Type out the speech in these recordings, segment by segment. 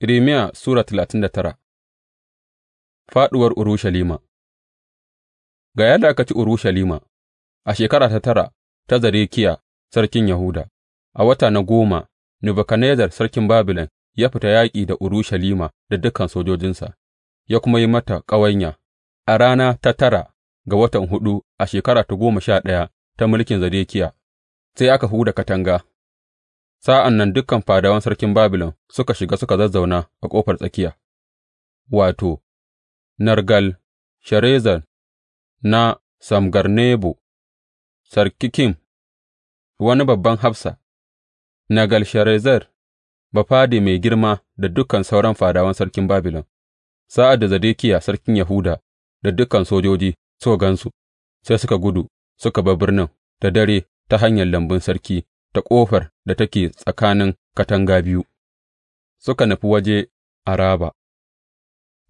Irmiya Sura talatin da tara Faɗuwar Urushalima Ga yadda aka ci Urushalima a shekara ta tara ta zarekiya sarkin Yahuda, a wata na goma, Nebuchadnezzar sarkin Babilon ya fita yaƙi da Urushalima da dukan sojojinsa, ya kuma yi mata ƙawanya a rana ta tara ga watan huɗu a shekara ta goma sha ɗaya ta mulkin zarekiya, sai aka huda katanga Sa'an nan dukan fadawan sarkin Babilon suka shiga suka zazzauna a ƙofar tsakiya, wato, Nergal Sharezer na Nebo, Sarkikim, wani babban hafsa, Nergal Sharezer, bafade mai girma da dukan sauran fadawan sarkin Babilon, sa'ad da Zedekiya sarkin Yahuda da dukan sojoji suka gansu sai suka gudu suka bar birnin da dare ta hanyar lambun sarki ta ƙofar da take tsakanin katanga biyu, suka nufi waje Araba,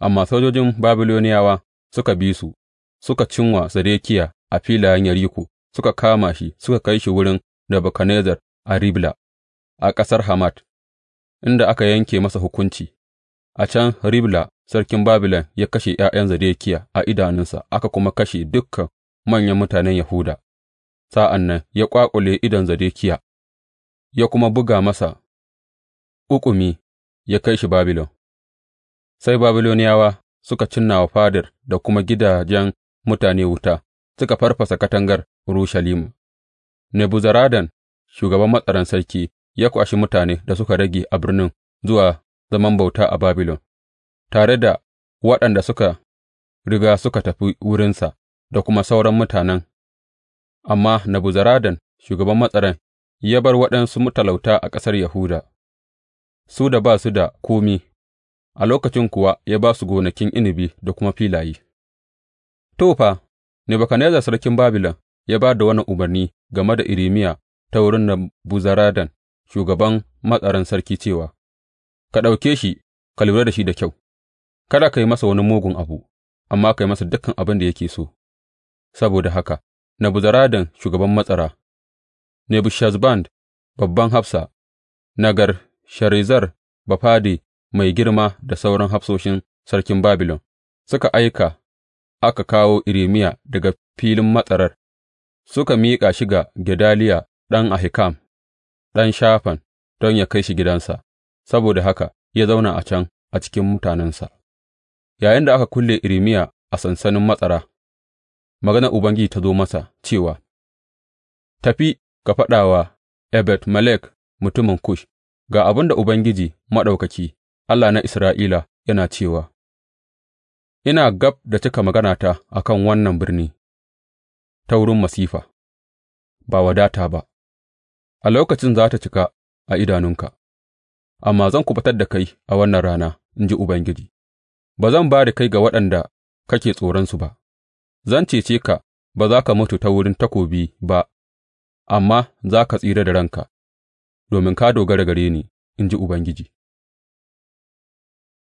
amma sojojin Babiloniyawa suka bi su, suka cinwa Zedekiya a filayen Yeriko, suka kama shi, suka kai shi wurin Nebukadnezzar a Ribla, a ƙasar Hamat, inda aka yanke masa hukunci. A can Ribla sarkin Babilon ya kashe ’ya'yan Zedekiya a idanunsa, aka kuma kashe dukan manyan mutanen Yahuda, sa'an nan ya ƙwaƙule idon Zedekiya, ya kuma buga masa ƙuƙumi ya kai shi Babilon, sai Babiloniyawa suka cinna wa fadar da kuma gidajen mutane wuta, suka farfasa katangar Urushalima. Nebuzaradan, shugaban matsaran sarki, ya kwashi mutane da suka rage a birnin zuwa zaman bauta a Babilon, tare da waɗanda suka riga suka tafi wurinsa da kuma sauran mutanen, amma Nebuzaradan, shugaban matsaran, ya bar waɗansu matalauta a ƙasar Yahuda, su da ba su da komi, a lokacin kuwa ya ba su gonakin inabi da kuma filaye. To, fa, Nebukadnezzar sarkin Babilon ya ba da wannan umarni game da Irimiya ta wurin Buzaradan, shugaban matsaran sarki cewa, Ka ɗauke shi, ka lura da shi da kyau, kada ka yi masa wani mugun abu, amma ka yi masa dukan abin da yake so. Saboda haka, na Buzaradan shugaban matsara Nebushazban babban hafsa, nagar Sharezer bafade mai girma da sauran hafsoshin sarkin Babilon suka aika aka kawo irimiya daga filin matsarar, suka miƙa shi ga Gedaliya ɗan Ahikam, ɗan Shafan, don ya kai shi gidansa, saboda haka ya zauna a can a cikin mutanensa. Yayin da aka kulle irimiya a sansanin matsara, maganar Ubangiji ta zo masa cewa, Tafi Ka faɗa wa Ebed Melek mutumin Kush, Ga abin da Ubangiji Maɗaukaki, Allah na Isra'ila, yana cewa, Ina gab da cika maganata a kan wannan birni ta wurin masifa, ba wadata ba, a lokacin za ta cika a idanunka, amma zan kubatar da kai a wannan rana, in ji Ubangiji, ba zan ba da kai ga waɗanda kake tsoronsu ba, zan cece ka ba za ka mutu ta wurin takobi ba amma za ka tsira da ranka, domin ka dogara gare ni, in ji Ubangiji.